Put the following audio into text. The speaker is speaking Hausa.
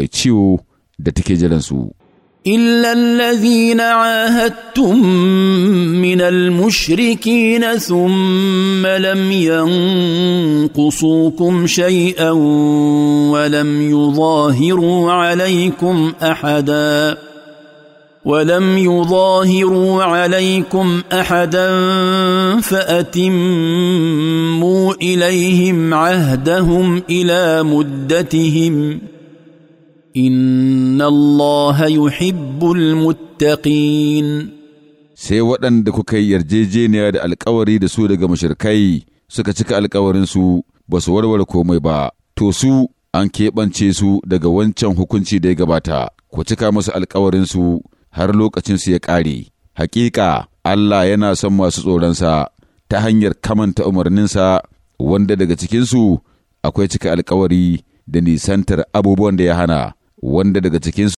mai ciwo da take jiransu. إلا الذين عاهدتم من المشركين ثم لم ينقصوكم شيئا ولم يظاهروا عليكم أحدا ولم يظاهروا عليكم أحدا فأتموا إليهم عهدهم إلى مدتهم ۖ إن الله يحب المتقين sai waɗanda kuka yi yarjejeniya da alkawari da su daga mashirkai suka cika alkawarinsu ba su warware komai ba, to su an keɓance su daga wancan hukunci da ya gabata, ku cika musu alkawarinsu har lokacin su ya ƙare. Hakika Allah yana son masu tsoronsa ta hanyar kamanta umarninsa wanda daga cikinsu akwai cika alkawari da nisantar abubuwan da ya hana. wanda daga cikinsu